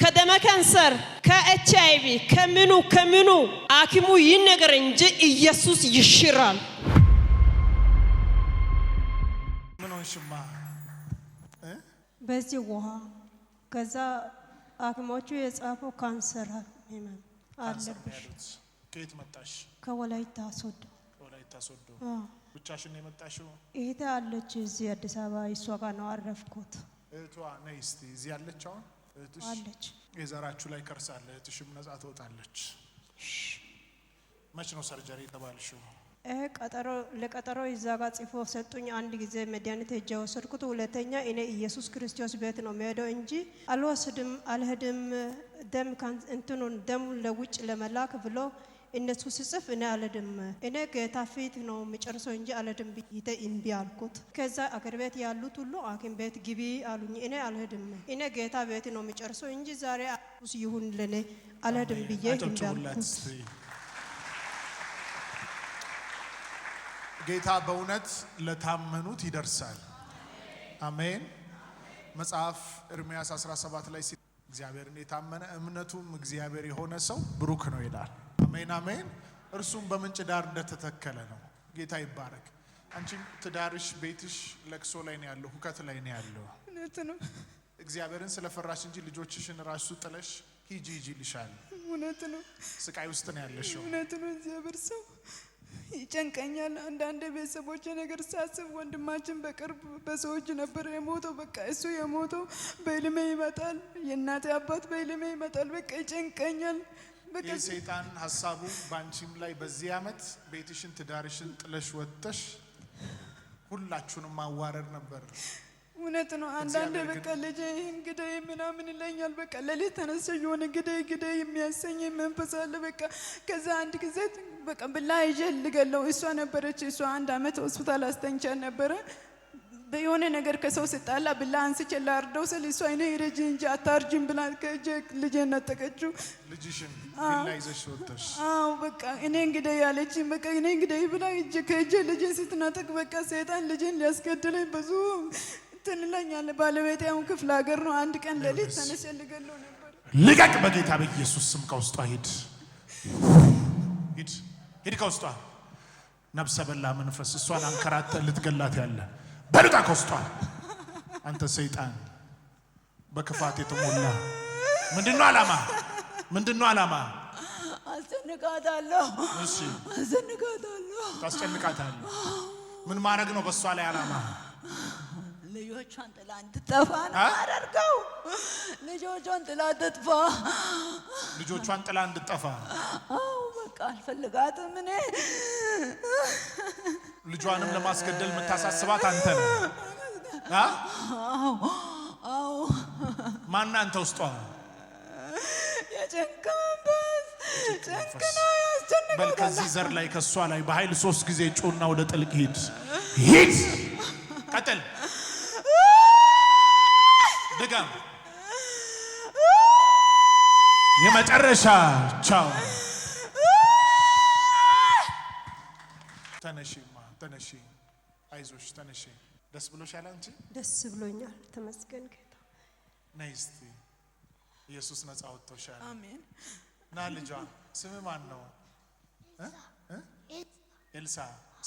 ከደመ ካንሰር ከኤች አይ ቪ ከምኑ ከምኑ አኪሙ ይነገር እንጂ ኢየሱስ ይሽራል። በዚህ ውሃ ከዛ አኪሞቹ የጻፈው ካንሰር ህመም አለብሽ። ከየት መጣሽ? ከወላይታ ሶዶ። ሶዶ ብቻሽን ነው የመጣሽው? እህቴ አለች እዚህ አዲስ አበባ፣ እሷ ጋር ነው አረፍኩት። እህቷ ነይ እስቲ እዚህ አለች አሁን እህትሽ የዘራችሁ ላይ ከርሳለ። እህትሽም ነጻ ትወጣለች። መች ነው ሰርጀሪ የተባልሽው? ቀጠሮ ለቀጠሮ እዛ ጋር ጽፎ ሰጡኝ። አንድ ጊዜ መድኃኒት ሄጄ ወሰድኩት። ሁለተኛ እኔ ኢየሱስ ክርስቶስ ቤት ነው መሄደው እንጂ አልወስድም አልሄድም ደም እንትኑን ደሙን ለውጭ ለመላክ ብሎ እነሱ ስጽፍ እኔ አለድም እኔ ጌታ ፊት ነው የምጨርሰው እንጂ አለድም ብይተ እምቢ አልኩት። ከዛ አገር ቤት ያሉት ሁሉ አኪም ቤት ግቢ አሉኝ። እኔ አልሄድም እኔ ጌታ ቤት ነው የምጨርሰው እንጂ ዛሬ አሱስ ይሁን ለእኔ አለድም ብዬ እምቢ አልኩት። ጌታ በእውነት ለታመኑት ይደርሳል። አሜን። መጽሐፍ ኤርምያስ 17 ላይ እግዚአብሔርን የታመነ እምነቱም እግዚአብሔር የሆነ ሰው ብሩክ ነው ይላል። አሜን አሜን። እርሱም በምንጭ ዳር እንደተተከለ ነው። ጌታ ይባረክ። አንቺም ትዳርሽ፣ ቤትሽ ለቅሶ ላይ ነው ያለው፣ ሁከት ላይ ነው ያለው። እውነት ነው። እግዚአብሔርን ስለፈራሽ እንጂ ልጆችሽን ራሱ ጥለሽ ሂጂ ሂጂ ይልሻል። እውነት ነው። ስቃይ ውስጥ ነው ያለሽው። እውነት ነው። እግዚአብሔር ሰው ይጨንቀኛል አንዳንድ ቤተሰቦች ነገር ሳስብ ወንድማችን በቅርብ በሰዎች ነበር የሞተው። በቃ እሱ የሞተው በእልሜ ይመጣል፣ የእናቴ አባት በእልሜ ይመጣል። በቃ ይጨንቀኛል። የሰይጣን ሀሳቡ በአንቺም ላይ በዚህ ዓመት ቤትሽን፣ ትዳርሽን ጥለሽ ወጥተሽ ሁላችሁንም ማዋረድ ነበር። እውነት ነው። አንዳንድ በቃ ልጄ ግደይ ምናምን ይለኛል። በቃ ሌሊት ተነስቶ የሆነ ግደይ ግደይ የሚያሰኝ መንፈስ አለ። በቃ ከዛ አንድ ጊዜ በቃ ብላ ይዤ ልገለው እሷ ነበረች። እሷ አንድ ዓመት ሆስፒታል አስተኝቻ ነበረ የሆነ ነገር ከሰው ስጣላ ብላ አንስቼ ላርደው ስል እሱ አይነ ይረጂ እንጂ አታርጅም ብላ ከእጀ ልጅ ነጠቀችው። ልጅሽን በቃ እኔ እንግዲህ ያለች በቃ እኔ እንግዲህ ብላ ከእጀ ልጅን ስትናጠቅ በቃ ሰይጣን ልጅን ሊያስገድለኝ ብዙ እንትን እለኛለሁ። ባለቤቴ አሁን ክፍለ ሀገር ነው። አንድ ቀን ሌሊት ተነሽ ልገለው ነበር። ልቀቅ! በጌታ በኢየሱስ ስም ከውስጧ ሂድ፣ ሂድ፣ ሂድ ከውስጧ ነብሰ በላ መንፈስ እሷን አንከራተ ልትገላት ያለ በሉጣ ኮስቷል። አንተ ሰይጣን በክፋት የተሞላ ምንድነው ዓላማ? ምንድነው ዓላማ? አስጨንቃታለሁ፣ አስጨንቃታለሁ፣ ታስጨንቃታለሁ። ምን ማድረግ ነው በእሷ ላይ አላማ? ልጆቿን ጥላ እንድጠፋ ነው አደርገው። ልጆቿን ጥላ እንድጠፋ፣ ልጆቿን ጥላ እንድጠፋ አልፈልጋትም። እኔ ልጇንም ለማስገደል የምታሳስባት አንተ ነው። ማና አንተ ውስጧ በል ከዚህ ዘር ላይ ከሷ ላይ በኃይል ሶስት ጊዜ ጩና ወደ ጥልቅ ሂድ ሂድ። ቀጥል ድጋም የመጨረሻ ቻው አይዞሽ ተነሺ። ደስ ብሎሻል አንቺ? ደስ ብሎኛል። ተመስገን ጌታ። ነይ እስቲ ኢየሱስ ነጻ ወጥቶሻል። አሜን። ና ልጇ ስም ማን ነው? ኤልሳ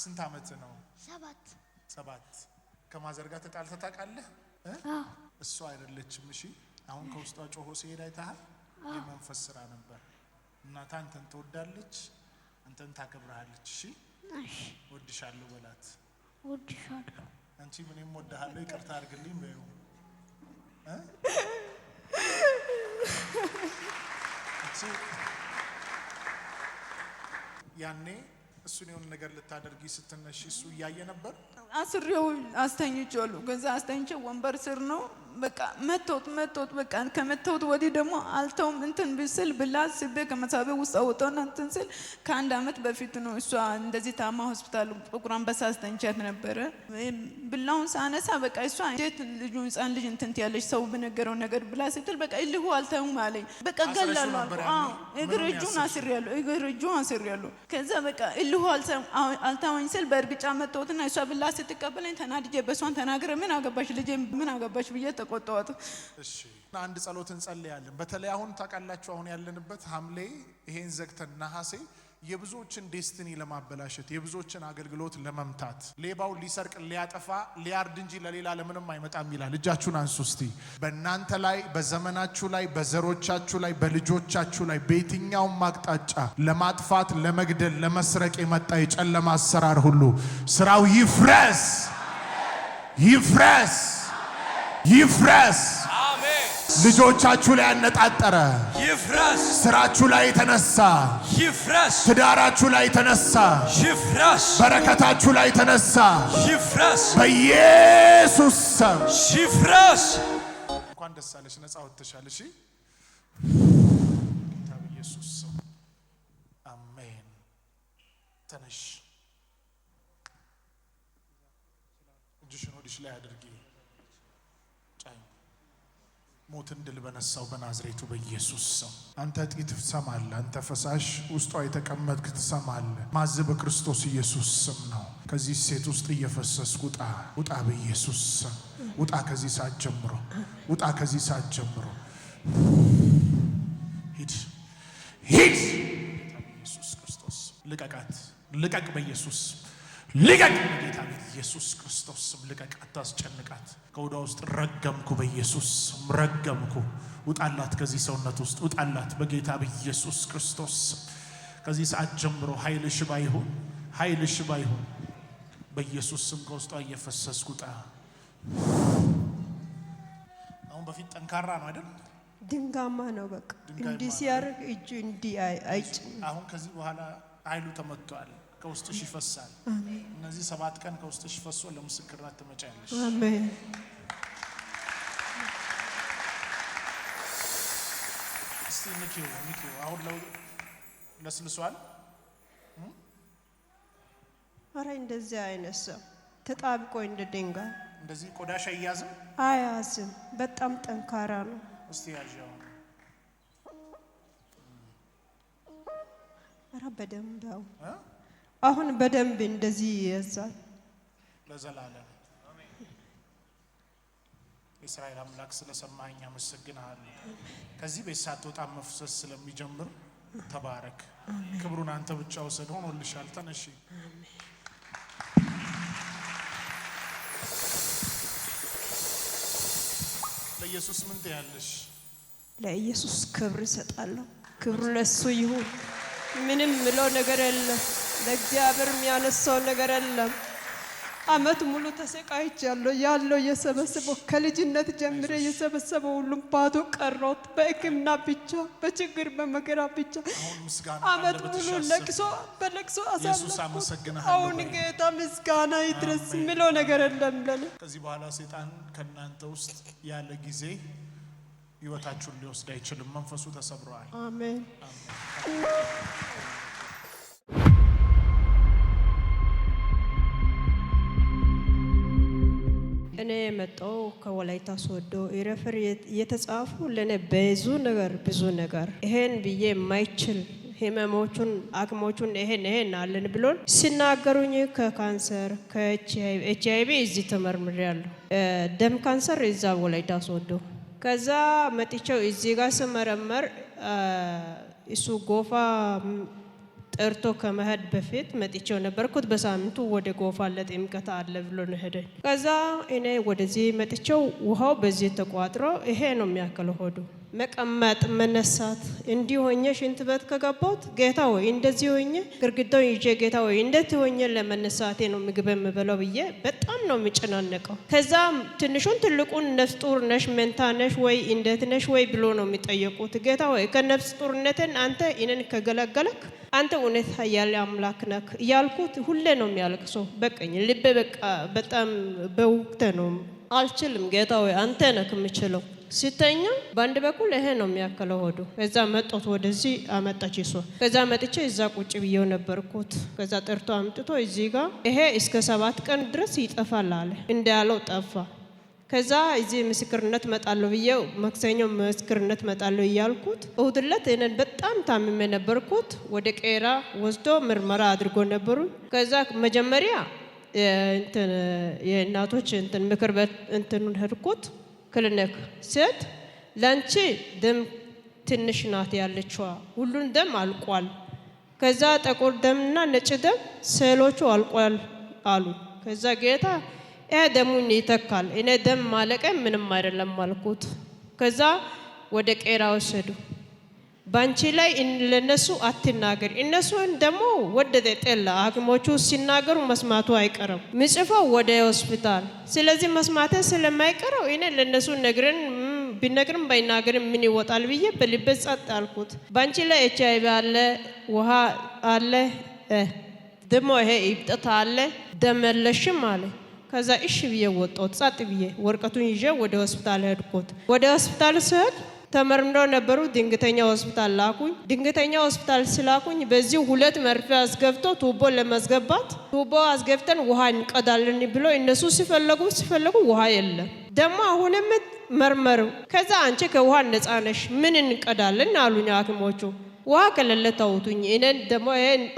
ስንት አመት ነው? ሰባት ሰባት ከማዘር ጋር ተጣልተህ ታውቃለህ? እሷ አይደለችም። እሺ አሁን ከውስጧ ጮሆ ሲሄድ አይተሃል? የመንፈስ ስራ ነበር። እናታ አንተን ትወዳለች፣ አንተን ታከብረሃለች። እሺ ወድሻለሁ በላት። እወድሻለሁ። አንቺም እኔም እወድሃለሁ። ይቅርታ አድርግልኝ በይው። ያኔ እሱን የሆነ ነገር ልታደርጊ ስትነሽ እሱ እያየ ነበር። አስሬው አስተኝቼዋለሁ። ገዛ አስተኝቼ ወንበር ስር ነው በቃ መቶት መተውት በቃ ከመተውት ወዲህ ደግሞ አልተውም። እንትን ብስል ብላ ስቤ ከመሳቤ ውስጥ አውጠውና እንትን ስል ከአንድ አመት በፊት ነው እሷ እንደዚህ ታማ ሆስፒታል ጥቁር አንበሳ አስተኝቻት ነበረ። ብላውን ሳነሳ በቃ እሷ እንዴት ልጁ ህፃን ልጅ እንትን ያለች ሰው በነገረው ነገር ብላ ስትል በቃ እልሁ አልተውም አለኝ። በቃ ገላሉ እግር እጁን አስሬያለሁ፣ እግር እጁን አስሬያለሁ። ከዛ በቃ እልሁ አልተወኝ ስል በእርግጫ መተውትና እሷ ብላ ስትቀበለኝ ተናድጄ በእሷን ተናግረ ምን አገባሽ ልጄ ምን አገባሽ ብዬ የተቆጠወት። እሺ አንድ ጸሎት እንጸልያለን። በተለይ አሁን ታውቃላችሁ፣ አሁን ያለንበት ሐምሌ ይሄን ዘግተን ነሐሴ የብዙዎችን ዴስትኒ ለማበላሸት የብዙዎችን አገልግሎት ለመምታት ሌባው ሊሰርቅ ሊያጠፋ ሊያርድ እንጂ ለሌላ ለምንም አይመጣም ይላል። እጃችሁን አንሱ እስቲ። በእናንተ ላይ በዘመናችሁ ላይ በዘሮቻችሁ ላይ በልጆቻችሁ ላይ በየትኛውም አቅጣጫ ለማጥፋት ለመግደል፣ ለመስረቅ የመጣ የጨለማ አሰራር ሁሉ ስራው ይፍረስ ይፍረስ። ይፍረስ። ልጆቻችሁ ላይ ያነጣጠረ ይፍረስ። ስራችሁ ላይ የተነሳ ይፍረስ። ትዳራችሁ ላይ የተነሳ ይፍረስ። በረከታችሁ ላይ የተነሳ ይፍረስ። በኢየሱስ ስም ይፍረስ። እንኳን ደስ አለሽ፣ ነጻ ወጥተሻል። እሺ፣ ጌታ በኢየሱስ ስም አሜን። ተነሽ፣ እጅሽን ወዲሽ ላይ ሞትን ድል በነሳው በናዝሬቱ በኢየሱስ ሰው አንተ እጢ ትሰማለህ። አንተ ፈሳሽ ውስጧ የተቀመጥክ ትሰማለህ። ማዝ በክርስቶስ ኢየሱስ ስም ነው። ከዚህ ሴት ውስጥ እየፈሰስክ ውጣ፣ ውጣ በኢየሱስ ስም ውጣ። ከዚህ ሰዓት ጀምሮ ውጣ። ከዚህ ሰዓት ጀምሮ ሂድ፣ ሂድ። ኢየሱስ ክርስቶስ ልቀቃት፣ ልቀቅ በኢየሱስ ልቀቅ፣ ጌታ ኢየሱስ ክርስቶስ ስም ልቀቅ፣ አታስጨንቃት። ከሆዷ ውስጥ ረገምኩ፣ በኢየሱስ ስም ረገምኩ። ውጣላት፣ ከዚህ ሰውነት ውስጥ ውጣላት፣ በጌታ በኢየሱስ ክርስቶስ ከዚህ ሰዓት ጀምሮ ኃይል ሽባ ይሁን፣ ኃይል ሽባ ይሁን፣ በኢየሱስ ስም። ከውስጧ እየፈሰስኩ ውጣ። አሁን በፊት ጠንካራ ነው አይደል? ድንጋማ ነው። በቃ እንዲህ ሲያደርግ እጁ እንዲህ አይጭ። አሁን ከዚህ በኋላ ኃይሉ ተመቷል። ከውስጥሽ ይፈሳል። እነዚህ ሰባት ቀን ከውስጥሽ ፈሶ ለምስክርነት ትመጫለሽ። አሜን። እስቲ ንኪው ንኪው። አሁን ለው ለስልሷል። አረ እንደዚህ አይነት ሰው ተጣብቆ እንደ ድንጋይ እንደዚህ ቆዳሽ አያዝም አያዝም። በጣም ጠንካራ ነው። እስቲ ያዣው አረ በደምብ አሁን በደንብ እንደዚህ ይያዛል። ለዘላለም የእስራኤል አምላክ ስለሰማኝ አመሰግናለሁ። ከዚህ ቤት ሳትወጣ መፍሰስ ስለሚጀምር ተባረክ። ክብሩን አንተ ብቻ ውሰድ። ሆኖልሻል። ተነሺ። ለኢየሱስ ምን ትያለሽ? ለኢየሱስ ክብር እሰጣለሁ። ክብሩ ለሱ ይሁን። ምንም ምለው ነገር የለም። ለእግዚአብሔር የሚያነሳው ነገር የለም። አመት ሙሉ ተሰቃይቻለሁ። ያለው እየሰበሰበው ከልጅነት ጀምሬ እየሰበሰበው ሁሉም ባዶ ቀረሁት። በሕክምና ብቻ በችግር በመከራ ብቻ አመት ሙሉ ለቅሶ በለቅሶ አሳለፍኩት። አሁን ጌታ ምስጋና ይድረስ የሚለው ነገር የለም ለ ከዚህ በኋላ ሴጣን ከእናንተ ውስጥ ያለ ጊዜ ህይወታችሁን ሊወስድ አይችልም። መንፈሱ ተሰብረዋል። አሜን። እኔ የመጣው ከወላይታ ሶዶ ይረፍር የተጻፉ ለእኔ ብዙ ነገር ብዙ ነገር ይሄን ብዬ የማይችል ህመሞቹን አቅሞቹን ይሄን ይሄን አለን ብሎን ሲናገሩኝ ከካንሰር ከኤች አይቪ እዚህ ያለሁ ደም ካንሰር እዛ ወላይታ ሶዶ ከዛ መጥቼው እዚህ ጋር ስመረመር እሱ ጎፋ ጠርቶ ከመሄድ በፊት መጥቼው ነበርኩት። በሳምንቱ ወደ ጎፋ ለጥምቀት አለ ብሎ ሄደኝ። ከዛ እኔ ወደዚህ መጥቼው ውሃው በዚህ ተቋጥሮ ይሄ ነው የሚያክለው ሆዱ መቀመጥ መነሳት እንዲህ ሆኜ ሽንት ቤት ከገባሁት ጌታ ወይ እንደዚህ ሆኜ ግርግዳው ይዤ ጌታ ወይ እንደት ሆኜ ለመነሳቴ ነው ምግብ የምበለው ብዬ በጣም ነው የሚጨናነቀው። ከዛ ትንሹን ትልቁን ነፍስ ጡር ነሽ መንታ ነሽ ወይ እንደት ነሽ ወይ ብሎ ነው የሚጠየቁት። ጌታ ወይ ከነፍስ ጡርነትን አንተ እኔን ከገለገለክ አንተ እውነት ያለ አምላክ ነክ እያልኩት ሁሌ ነው የሚያለቅሰው። በቀኝ ልቤ በቃ በጣም በውቅተ ነው አልችልም። ጌታ ወይ አንተ ነክ የምችለው። ሲተኛ በአንድ በኩል ይሄ ነው የሚያክለው ሆዱ። ከዛ መጦት ወደዚህ አመጣች ይሷ። ከዛ መጥቼ እዛ ቁጭ ብዬው ነበርኩት። ከዛ ጠርቶ አምጥቶ እዚህ ጋር ይሄ እስከ ሰባት ቀን ድረስ ይጠፋል አለ። እንዳያለው ጠፋ። ከዛ እዚህ ምስክርነት መጣለሁ ብዬው ማክሰኞ ምስክርነት መጣለሁ እያልኩት እሁድ ዕለት እኔን በጣም ታምሜ ነበርኩት። ወደ ቄራ ወስዶ ምርመራ አድርጎ ነበሩ። ከዛ መጀመሪያ የእናቶች እንትን ምክር እንትኑን ህድኩት ክሊኒክ ስሄድ ለአንቺ ደም ትንሽ ናት ያለችዋ ሁሉን ደም አልቋል። ከዛ ጥቁር ደምና ነጭ ደም ሴሎቹ አልቋል አሉ። ከዛ ጌታ ይሄ ደሙን ይተካል። እኔ ደም ማለቀ ምንም አይደለም አልኩት። ከዛ ወደ ቄራ ወሰዱ። በአንቺ ላይ ለነሱ አትናገር። እነሱን ደግሞ ወደደ ጠላ ሐኪሞቹ ሲናገሩ መስማቱ አይቀርም። ምጽፈው ወደ ሆስፒታል። ስለዚህ መስማተ ስለማይቀረው እኔ ለነሱ ነግረን ቢነግርም ባይናገርም ምን ይወጣል ብዬ በልቤ ጸጥ አልኩት። በአንቺ ላይ ኤች አይቪ አለ፣ ውሃ አለ፣ ደግሞ ይሄ እብጠት አለ፣ ደም አለ። ከዛ እሺ ብዬ ወጣሁት ጸጥ ብዬ ወረቀቱን ይዤ ወደ ሆስፒታል ሄድኩት። ወደ ሆስፒታል ስሄድ ተመርምረው ነበሩ። ድንገተኛ ሆስፒታል ላኩኝ። ድንገተኛ ሆስፒታል ስላኩኝ በዚህ ሁለት መርፌ አስገብቶ ቱቦ ለማስገባት ቱቦ አስገብተን ውሃ እንቀዳለን ብሎ እነሱ ሲፈለጉ ሲፈለጉ ውሃ የለም። ደግሞ አሁንም መርመሩ። ከዛ አንቺ ከውሃ ነጻ ነሽ፣ ምን እንቀዳለን አሉኝ ሐኪሞቹ ውሃ ከሌለ ተውቱኝ። እኔን ደግሞ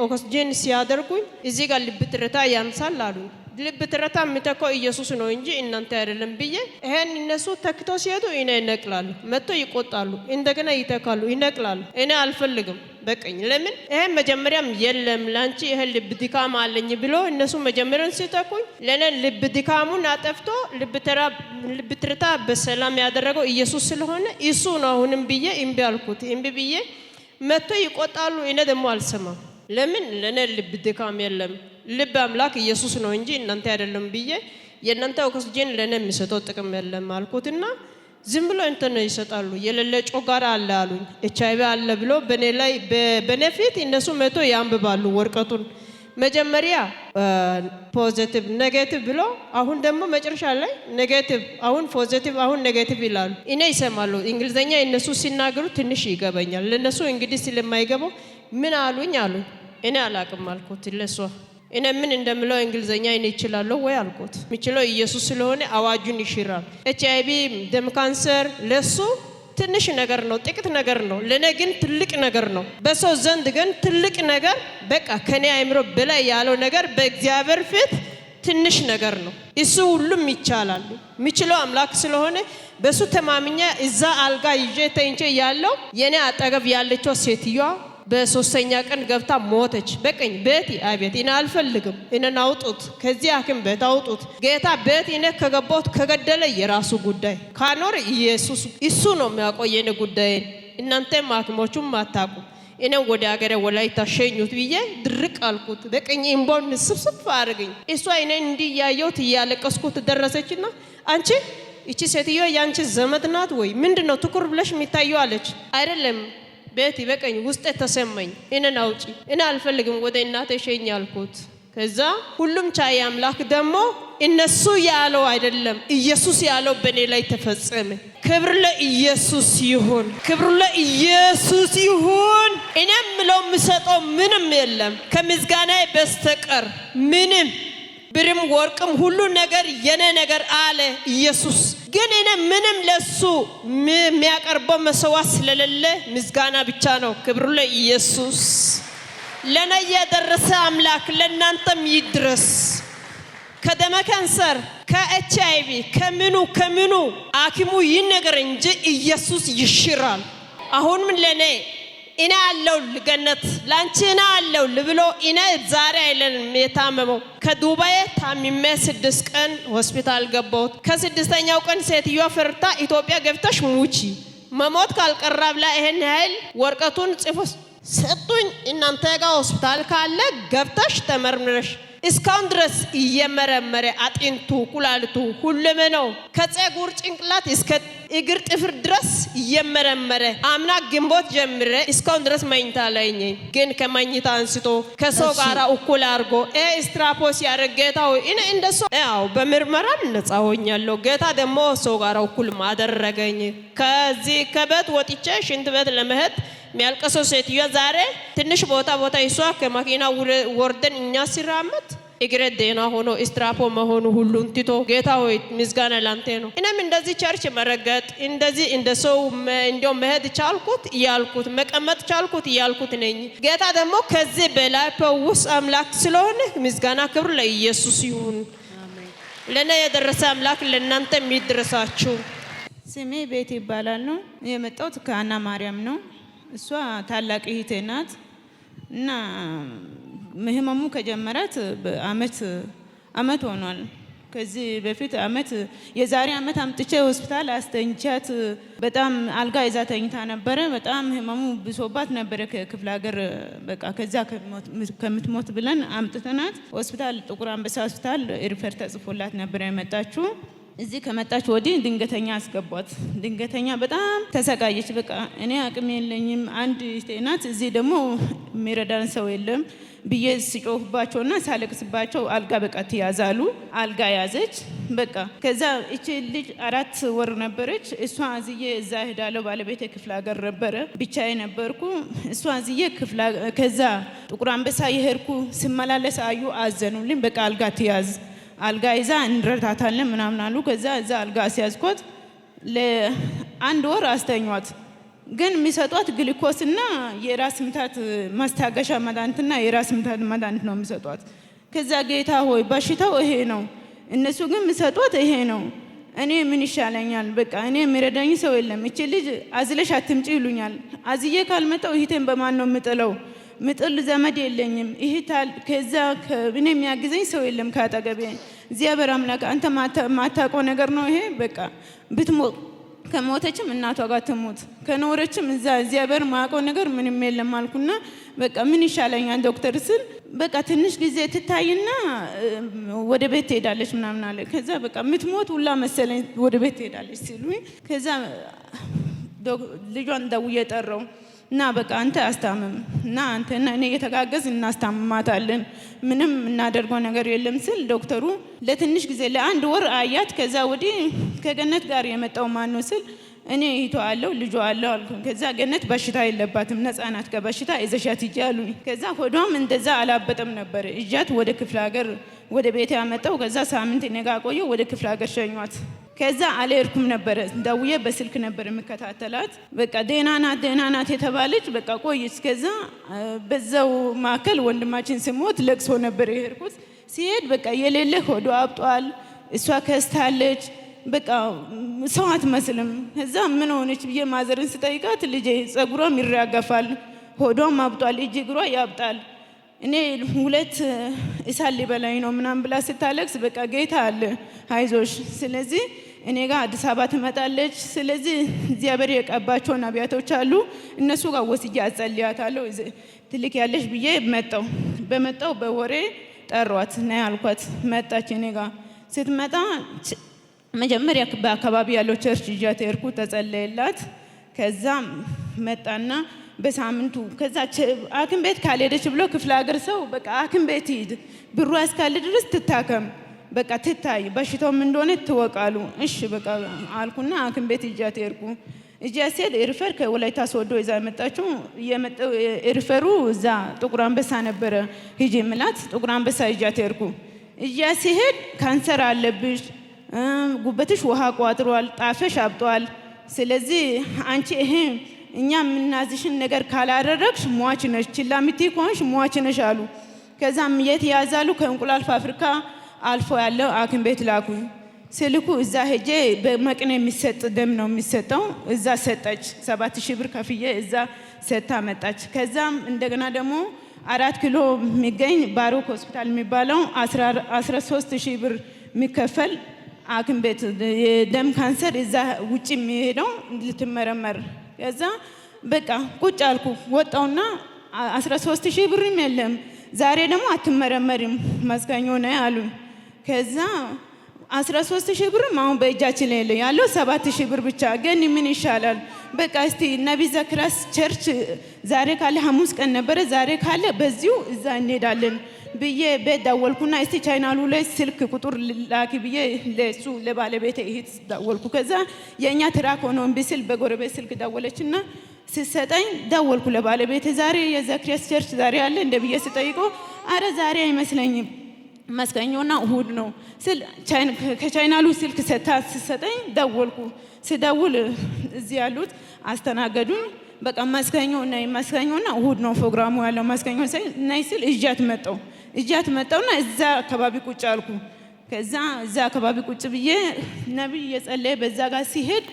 ኦክስጂን ሲያደርጉኝ እዚህ ጋር ልብትርታ ያንሳል አሉኝ። ልብ ትረታ የሚተካው ኢየሱስ ነው እንጂ እናንተ አይደለም ብዬ ይሄን እነሱ ተክተው ሲሄዱ እኔ ይነቅላሉ፣ መጥቶ ይቆጣሉ፣ እንደገና ይተካሉ፣ ይነቅላሉ። እኔ አልፈልግም በቀኝ ለምን ይሄን መጀመሪያም የለም ላንቺ ይሄን ልብ ድካም አለኝ ብሎ እነሱ መጀመሪያን ሲተኩኝ ለእኔ ልብ ድካሙን አጠፍቶ ልብ ትርታ በሰላም ያደረገው ኢየሱስ ስለሆነ እሱ ነው አሁንም ብዬ እምቢ አልኩት። እምቢ ብዬ መጥቶ ይቆጣሉ፣ እኔ ደግሞ አልሰማም። ለምን ለእኔ ልብ ድካም የለም ልብ አምላክ ኢየሱስ ነው እንጂ እናንተ አይደለም ብዬ የእናንተ ኦክስጂን ለእኔ የሚሰጠው ጥቅም የለም አልኩትና ዝም ብሎ እንትን ነው ይሰጣሉ። የሌለ ጮጋራ አለ አሉኝ። ኤች አይቪ አለ ብሎ በእኔ ላይ በኔ ፊት እነሱ መቶ ያንብባሉ ወርቀቱን መጀመሪያ ፖዘቲቭ ኔጌቲቭ ብሎ አሁን ደግሞ መጨረሻ ላይ ኔጌቲቭ አሁን ፖዘቲቭ አሁን ኔጌቲቭ ይላሉ። እኔ ይሰማሉ እንግሊዝኛ እነሱ ሲናገሩ ትንሽ ይገበኛል። ለእነሱ እንግዲህ ስለማይገባው ምን አሉኝ አሉኝ እኔ አላቅም አልኩት ለሷ እኔ ምን እንደምለው እንግሊዘኛ ይን ይችላለሁ ወይ አልኩት። የሚችለው ኢየሱስ ስለሆነ አዋጁን ይሽራል። ኤች አይ ቪ ደም ካንሰር ለሱ ትንሽ ነገር ነው፣ ጥቂት ነገር ነው። ለእኔ ግን ትልቅ ነገር ነው። በሰው ዘንድ ግን ትልቅ ነገር በቃ ከኔ አይምሮ በላይ ያለው ነገር በእግዚአብሔር ፊት ትንሽ ነገር ነው። እሱ ሁሉም ይቻላል የሚችለው አምላክ ስለሆነ በሱ ተማምኛ እዛ አልጋ ይዤ ተኝቼ ያለው የኔ አጠገብ ያለችው ሴትዮዋ በሶስተኛ ቀን ገብታ ሞተች። በቀኝ ቤት አቤት እኔ አልፈልግም፣ እኔን አውጡት፣ ከዚህ ሐኪም ቤት አውጡት። ጌታ ቤት እኔ ከገባሁት ከገደለ የራሱ ጉዳይ ካኖር ኢየሱስ እሱ ነው የሚያውቀው የኔ ጉዳይን። እናንተም ሐኪሞቹም አታውቁ። እኔም ወደ ሀገሬ ወላይታ ሸኙት ብዬ ድርቅ አልኩት። በቀኝ እምባውን ስብስብ አድርገኝ። እሷ እኔን እንዲህ እያየሁት እያለቀስኩት ደረሰችና አንቺ እቺ ሴትዮ ያንቺ ዘመድ ናት ወይ ምንድን ነው ትኩር ብለሽ የሚታየው አለች። አይደለም ቤት በቀኝ ውስጤ ተሰማኝ። እኔን አውጪ እኔ አልፈልግም ወደ እናቴ ሸኝ አልኩት። ከዛ ሁሉም ቻይ አምላክ ደግሞ እነሱ ያለው አይደለም ኢየሱስ ያለው በእኔ ላይ ተፈጸመ። ክብር ለኢየሱስ ይሁን፣ ክብር ለኢየሱስ ይሁን። እኔም ምለው የምሰጠው ምንም የለም ከምስጋና በስተቀር ምንም ብርም ወርቅም ሁሉ ነገር የኔ ነገር አለ ኢየሱስ ግን እኔ ምንም ለሱ የሚያቀርበው መሰዋ ስለሌለ ምስጋና ብቻ ነው። ክብሩ ለኢየሱስ። ለእኔ የደረሰ አምላክ ለእናንተም ይድረስ። ከደመ ካንሰር፣ ከኤች አይ ቪ፣ ከምኑ ከምኑ ሐኪሙ ይነገር እንጂ ኢየሱስ ይሽራል። አሁንም ለእኔ እኔ አለው ገነት ላንቺ እኔ አለው ብሎ እኔ ዛሬ አይለንም የታመመው። ከዱባይ ታሚሜ ስድስት ቀን ሆስፒታል ገባሁት። ከስድስተኛው ቀን ሴትዮዋ ፍርታ ኢትዮጵያ ገብተሽ ሙቺ መሞት ካልቀረ ብላ ይሄን ያህል ወረቀቱን ጽፎ ሰጡኝ። እናንተ ጋር ሆስፒታል ካለ ገብተሽ ተመርምረሽ እስካሁን ድረስ እየመረመረ አጥንቱ፣ ኩላሊቱ፣ ሁለመናው ከፀጉር ጭንቅላት እስከ እግር ጥፍር ድረስ እየመረመረ አምና ግንቦት ጀምረ እስካሁን ድረስ መኝታ ላይ ነኝ። ግን ከመኝታ አንስቶ ከሰው ጋራ እኩል አድርጎ ስትራፖስ ያደረግ ጌታ እኔ እንደሱ ያው በምርመራም ነጻ ሆኛለሁ። ጌታ ደግሞ ሰው ጋራ እኩል አደረገኝ። ከዚህ ከቤት ወጥቼ ሽንት ቤት ለመሄድ የሚያልቀሰው ሴትዮዋ ዛሬ ትንሽ ቦታ ቦታ ይሷ ከመኪና ወርደን እኛ ሲራመት እግረ ዴና ሆኖ ስትራፖ መሆኑ ሁሉን ትቶ ጌታ ሆይ ምስጋና ላንተ ነው። እኔም እንደዚህ ቸርች መረገጥ እንደዚህ እንደ ሰው እንዲያው መሄድ ቻልኩት እያልኩት መቀመጥ ቻልኩት እያልኩት ነኝ። ጌታ ደግሞ ከዚህ በላይ ፈውስ አምላክ ስለሆነ ምስጋና ክብር ለኢየሱስ ይሁን። ለእኔ የደረሰ አምላክ ለእናንተ የሚደርሳችሁ። ስሜ ቤት ይባላል ነው የመጣሁት ከአና ማርያም ነው። እሷ ታላቅ እህቴ ናት እና ህመሙ ከጀመራት አመት አመት ሆኗል። ከዚህ በፊት አመት የዛሬ አመት አምጥቼ ሆስፒታል አስተኝቻት በጣም አልጋ ይዛ ተኝታ ነበረ። በጣም ህመሙ ብሶባት ነበረ። ከክፍለ ሀገር በቃ ከዛ ከምትሞት ብለን አምጥተናት ሆስፒታል ጥቁር አንበሳ ሆስፒታል ሪፈር ተጽፎላት ነበረ የመጣችው። እዚህ ከመጣች ወዲህ ድንገተኛ አስገቧት። ድንገተኛ በጣም ተሰቃየች። በቃ እኔ አቅም የለኝም አንድ ናት፣ እዚህ ደግሞ የሚረዳን ሰው የለም ብዬ ስጮህባቸውና ሳለቅስባቸው አልጋ በቃ ትያዛሉ። አልጋ ያዘች። በቃ ከዛ እቺ ልጅ አራት ወር ነበረች። እሷ አዝዬ እዛ ሄዳለሁ። ባለቤቴ ክፍለ ሀገር ነበረ፣ ብቻዬ ነበርኩ። እሷ አዝዬ ከዛ ጥቁር አንበሳ የሄድኩ ስመላለስ አዩ፣ አዘኑልኝ። በቃ አልጋ ትያዝ አልጋ ይዛ እንረዳታለን ምናምን አሉ። ከዛ እዛ አልጋ ሲያዝኳት ለአንድ ወር አስተኟት። ግን የሚሰጧት ግሊኮስና የራስ ምታት ማስታገሻ መድኃኒትና የራስ ምታት መድኃኒት ነው የሚሰጧት። ከዛ ጌታ ሆይ በሽታው ይሄ ነው፣ እነሱ ግን የሚሰጧት ይሄ ነው። እኔ ምን ይሻለኛል? በቃ እኔ የሚረዳኝ ሰው የለም። እቺ ልጅ አዝለሽ አትምጪ ይሉኛል። አዝዬ ካልመጣው ይህቴን በማን ነው የምጥለው? ምጥል ዘመድ የለኝም። ይህ ከዛ እኔ የሚያግዘኝ ሰው የለም ከአጠገቤ። እግዚአብሔር አምላክ አንተ ማታውቀው ነገር ነው ይሄ። በቃ ብትሞ ከሞተችም እናቷ ጋር ትሞት ከኖረችም እዛ እግዚአብሔር ማውቀው ነገር ምንም የለም አልኩና በቃ ምን ይሻለኛል ዶክተር ስል በቃ ትንሽ ጊዜ ትታይና ወደ ቤት ትሄዳለች ምናምን አለ። ከዛ በቃ ምትሞት ሁላ መሰለኝ ወደ ቤት ትሄዳለች ሲሉ ከዛ ልጇን ደውዬ ጠራው። እና በቃ አንተ አስታምም እና አንተና እኔ እየተጋገዝ እናስታምማታለን ምንም እናደርገው ነገር የለም ስል ዶክተሩ ለትንሽ ጊዜ ለአንድ ወር አያት። ከዛ ወዲህ ከገነት ጋር የመጣው ማን ነው ስል እኔ ይቶ አለው ልጇ አለው አልኩ። ከዛ ገነት በሽታ የለባትም ነፃ ናት ከበሽታ ይዘሻት ሂጂ አሉኝ። ከዛ ሆዷም እንደዛ አላበጠም ነበር እጃት ወደ ክፍለ ሀገር ወደ ቤት ያመጣው። ከዛ ሳምንት እኔ ቆየው ወደ ክፍለ ሀገር ሸኟት። ከዛ አልሄድኩም ነበረ። ደውዬ በስልክ ነበር የምከታተላት። በቃ ደህና ናት ደህና ናት የተባለች በቃ ቆየች። ከዛ በዛው ማከል ወንድማችን ስሞት ለቅሶ ነበር የሄድኩት። ሲሄድ በቃ የሌለ ሆዶ አብጧል፣ እሷ ከስታለች። በቃ ሰው አትመስልም። ከዛ ምን ሆነች ብዬ ማዘርን ስጠይቃት ልጄ ፀጉሯም ይራገፋል፣ ሆዷም አብጧል፣ እጅ እግሯ ያብጣል እኔ ሁለት እሳት ሊበላኝ ነው ምናምን ብላ ስታለቅስ፣ በቃ ጌታ አለ አይዞሽ፣ ስለዚህ እኔ ጋር አዲስ አበባ ትመጣለች። ስለዚህ እግዚአብሔር የቀባቸውን አብያቶች አሉ እነሱ ጋር ወስጄ አጸልያታለሁ ትልቅ ያለሽ ብዬ መጣው። በመጣው በወሬ ጠሯት ና ያልኳት መጣች። እኔ ጋር ስትመጣ መጀመሪያ በአካባቢ ያለው ቸርች ይዣት ሄድኩ፣ ተጸለየላት። ከዛም መጣና በሳምንቱ ከዛ ሐኪም ቤት ካልሄደች ብሎ ክፍለ ሀገር ሰው በቃ ሐኪም ቤት ሂድ ብሩ እስካለ ድረስ ትታከም በቃ ትታይ በሽታውም እንደሆነ ትወቃሉ። እሺ በቃ አልኩና ሐኪም ቤት እጃት ሄድኩ። እጃት ስሄድ ሪፈር ከወላይታ ሶዶ ይዛ የመጣችው ሪፈሩ እዛ ጥቁር አንበሳ ነበረ ሂጅ ምላት ጥቁር አንበሳ እጃት ሄድኩ። እጃት ሲሄድ ካንሰር አለብሽ፣ ጉበትሽ ውሃ ቋጥሯል፣ ጣፈሽ አብጧል። ስለዚህ አንቺ ይሄ እኛ የምናዝሽን ነገር ካላደረግሽ ሟች ነሽ፣ ችላ የምትይ ከሆንሽ ሟች ነሽ አሉ። ከዛም የት ያዛሉ? ከእንቁላል ፋብሪካ አልፎ ያለው ሐኪም ቤት ላኩኝ። ስልኩ እዛ ሄጄ በመቅኔ የሚሰጥ ደም ነው የሚሰጠው። እዛ ሰጠች፣ ሰባት ሺህ ብር ከፍዬ እዛ ሰጥታ መጣች። ከዛም እንደገና ደግሞ አራት ኪሎ የሚገኝ ባሮክ ሆስፒታል የሚባለው 13 ሺህ ብር የሚከፈል አክን ቤት የደም ካንሰር እዛ ውጭ የሚሄደው ልትመረመር ከዛ በቃ ቁጭ አልኩ። ወጣውና 13 ሺህ ብርም የለም ዛሬ ደግሞ አትመረመሪም መስጋኝ ሆነ አሉ። ከዛ 13 ሺህ ብርም አሁን በእጃችን ላይ የለ ያለው 7 ሺህ ብር ብቻ ግን ምን ይሻላል? በቃ እስቲ ነቢ ዘክራስ ቸርች ዛሬ ካለ ሐሙስ ቀን ነበረ ዛሬ ካለ በዚሁ እዛ እንሄዳለን። ብዬ ቤት ደወልኩና እስቲ ቻይናሉ ላይ ስልክ ቁጥር ላኪ ብዬ ለሱ ለባለቤት እህት ደወልኩ። ከዛ የእኛ ትራክ ሆኖን ብስል በጎረቤት ስልክ ደወለችና ስሰጠኝ ደወልኩ ለባለቤት ዛሬ የዘክሪያስ ቸርች ዛሬ አለ እንደ ብዬ ስጠይቀው አረ ዛሬ አይመስለኝም መስከኞና እሁድ ነው ስል ከቻይናሉ ስልክ ሰታ ስሰጠኝ ደወልኩ። ስደውል እዚህ ያሉት አስተናገዱን። በቃ መስከኞ ነይ መስከኞና እሁድ ነው ፕሮግራሙ ያለው መስከኞ ነይ ስል እዣት መጣው እጃት መጣውና እዛ አካባቢ ቁጭ አልኩ። ከዛ እዛ አካባቢ ቁጭ ብዬ ነብይ እየጸለየ በዛ ጋር ሲሄድ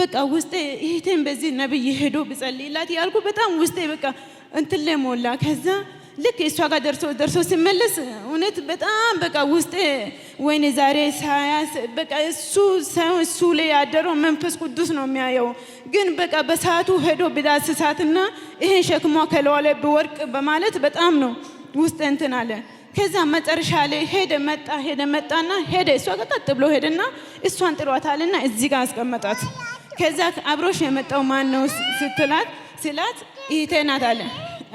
በቃ ውስጤ ይህቴን በዚህ ነብይ ሄዶ ብጸልይላት ያልኩ በጣም ውስጤ በቃ እንትን ላይ ሞላ። ከዛ ልክ እሷ ጋር ደርሶ ደርሶ ሲመለስ እውነት በጣም በቃ ውስጤ ወይኔ ዛሬ ሳያስ በቃ እሱ ሳይሆን እሱ ላይ ያደረው መንፈስ ቅዱስ ነው የሚያየው። ግን በቃ በሰዓቱ ሄዶ ብዳስሳትና ይሄን ሸክሟ ከለዋ ብወርቅ በማለት በጣም ነው ውስጥ እንትን አለ። ከዛ መጨረሻ ላይ ሄደ መጣ ሄደ መጣና ሄደ እሷ ቀጥ ብሎ ሄደና እሷን ጥሏታልና እዚህ ጋር አስቀመጣት። ከዛ አብሮሽ የመጣው ማን ነው ስትላት ስላት እህቴ ናት አለ።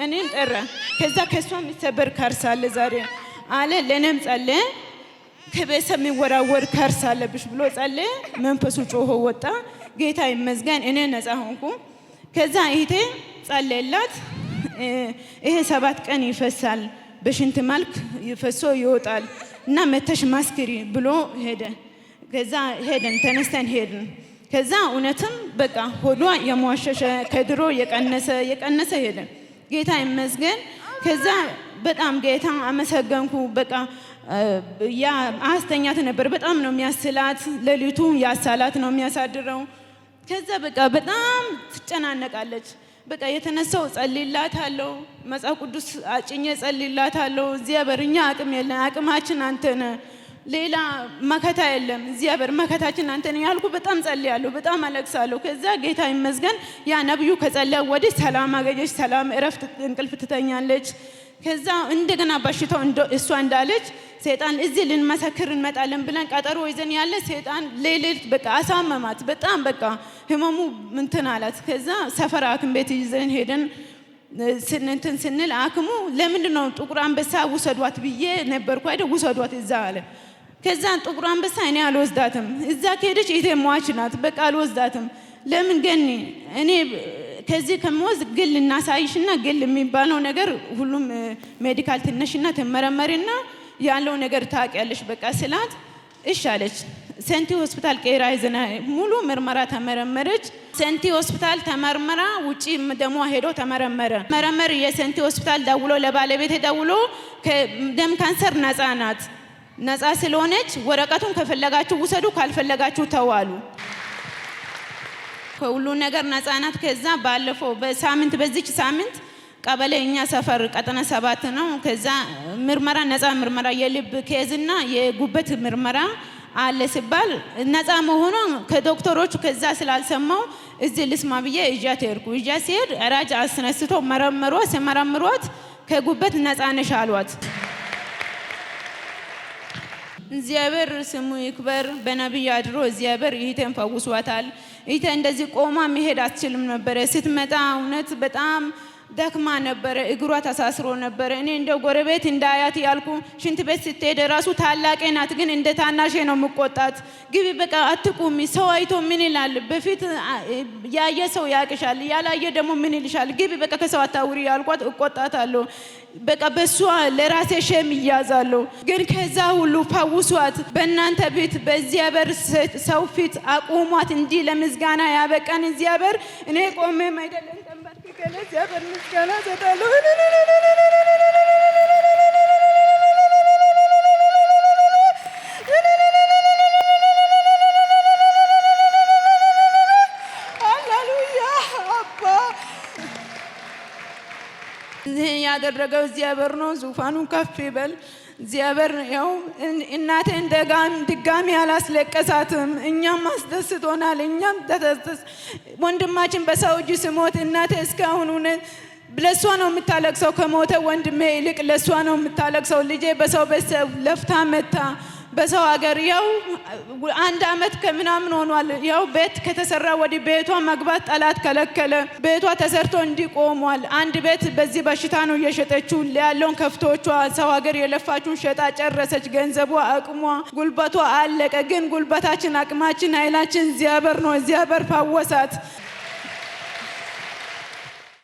እኔን ጠራ። ከዛ ከእሷ የሚሰበር ከርስ አለ ዛሬ አለ ለእኔም ጸለ ከቤተሰብ የሚወራወር ከርስ አለብሽ ብሎ ጸለ። መንፈሱ ጮሆ ወጣ። ጌታ ይመስገን እኔ ነፃ ሆንኩ። ከዛ ይሄቴ ጸለላት። ይሄ ሰባት ቀን ይፈሳል፣ በሽንት መልክ ፈሶ ይወጣል እና መተሽ ማስክሪ ብሎ ሄደ። ከዛ ሄደን ተነስተን ሄድን። ከዛ እውነትም በቃ ሆዷ የሟሸሸ ከድሮ የቀነሰ የቀነሰ ሄደ። ጌታ ይመስገን። ከዛ በጣም ጌታ አመሰገንኩ። በቃ ያ አስተኛት ነበር። በጣም ነው የሚያስላት፣ ሌሊቱ ያሳላት ነው የሚያሳድረው። ከዛ በቃ በጣም ትጨናነቃለች። በቃ የተነሳው ጸልይላታለሁ፣ መጽሐፍ ቅዱስ አጭኜ ጸልይላታለሁ። እግዚአብሔር እኛ አቅም የለን፣ አቅማችን አንተነ ሌላ መከታ የለም። እግዚአብሔር መከታችን አንተነ ያልኩ በጣም ጸልያለሁ፣ በጣም አለቅሳለሁ። ከዛ ጌታ ይመስገን ያ ነብዩ ከጸለያ ወዲህ ሰላም አገኘች፣ ሰላም እረፍት፣ እንቅልፍ ትተኛለች። ከዛ እንደገና በሽታው እሷ እንዳለች ሰይጣን እዚህ ልንመሰክር እንመጣለን ብለን ቀጠሮ ይዘን ያለ ሰይጣን ሌሊት በቃ አሳመማት። በጣም በቃ ህመሙ ምንትን አላት። ከዛ ሰፈር ሐኪም ቤት ይዘን ሄደን ስንንትን ስንል አክሙ ለምንድን ነው ጥቁር አንበሳ ውሰዷት ብዬ ነበርኩ አይደል? ውሰዷት እዛ አለ። ከዛ ጥቁር አንበሳ እኔ አልወስዳትም፣ እዛ ከሄደች ኢቴ ሟች ናት፣ በቃ አልወስዳትም። ለምን ገኒ እኔ ከዚህ ከመወዝ ግል እናሳይሽና ግል የሚባለው ነገር ሁሉም ሜዲካል ትነሽና ትመረመሪና ያለው ነገር ታውቂያለሽ በቃ ስላት እሽ አለች። ሰንቲ ሆስፒታል ቄራ ይዘና ሙሉ ምርመራ ተመረመረች። ሰንቲ ሆስፒታል ተመርመራ ውጪ ደሞ ሄዶ ተመረመረ መረመር የሰንቲ ሆስፒታል ደውሎ ለባለቤት ደውሎ ደም ካንሰር ነጻ ናት ነጻ ስለሆነች ወረቀቱን ከፈለጋችሁ ውሰዱ ካልፈለጋችሁ ተዋሉ። ከሁሉ ነገር ነፃ ናት። ከዛ ባለፈው በሳምንት በዚች ሳምንት ቀበሌ እኛ ሰፈር ቀጠነ ሰባት ነው። ከዛ ምርመራ ነፃ ምርመራ የልብ ኬዝና የጉበት ምርመራ አለ ሲባል ነፃ መሆኑ ከዶክተሮቹ ከዛ ስላልሰማው እዚህ ልስማ ብዬ እዣት ተርኩ እዣ ሲሄድ ራጅ አስነስቶ መረምሮ ሲመረምሯት ከጉበት ነፃ ነሽ አሏት። እግዚአብሔር ስሙ ይክበር። በነቢይ አድሮ እግዚአብሔር ይህቴን ፈውሷታል። ይተ እንደዚህ ቆማ መሄድ አትችልም ነበረ። ስትመጣ እውነት በጣም ደክማ ነበረ፣ እግሯ ተሳስሮ ነበረ። እኔ እንደ ጎረቤት እንዳያት ያልኩ ሽንት ቤት ስትሄድ ራሱ ታላቄ ናት፣ ግን እንደ ታናሼ ነው የምቆጣት። ግቢ በቃ አትቁሚ። ሰው አይቶ ምን ይላል? በፊት ያየ ሰው ያቅሻል፣ ያላየ ደግሞ ምን ይልሻል? ግቢ በቃ ከሰው አታውሪ ያልኳት እቆጣታለሁ። በቃ በእሷ ለራሴ ሸም እያዛለሁ። ግን ከዛ ሁሉ ፈውሷት በእናንተ ቤት በእግዚአብሔር ሰው ፊት አቁሟት እንዲህ ለምስጋና ያበቃን እግዚአብሔር እኔ ቆሜም አይደለም ተንበርክኬ ለእግዚአብሔር ምስጋና ሰጣለሁ። ይህን ያደረገው እግዚአብሔር ነው። ዙፋኑ ከፍ ይበል። እግዚአብሔር ያው እናቴን ድጋሚ አላስለቀሳትም። እኛም አስደስቶናል። እኛም ወንድማችን በሰው እጅ ስሞት እናቴ እስካሁን እውነት ለእሷ ነው የምታለቅሰው። ከሞተ ወንድሜ ይልቅ ለእሷ ነው የምታለቅሰው። ልጄ በሰው ቤተሰብ ለፍታ መታ በሰው ሀገር ያው አንድ አመት ከምናምን ሆኗል። ያው ቤት ከተሰራ ወዲህ ቤቷ መግባት ጠላት ከለከለ። ቤቷ ተሰርቶ እንዲቆሟል። አንድ ቤት በዚህ በሽታ ነው እየሸጠችው ያለውን ከፍቶቿ ሰው ሀገር የለፋችውን ሸጣ ጨረሰች። ገንዘቧ፣ አቅሟ፣ ጉልበቷ አለቀ። ግን ጉልበታችን፣ አቅማችን፣ ኃይላችን እግዚአብሔር ነው። እግዚአብሔር ፈወሳት።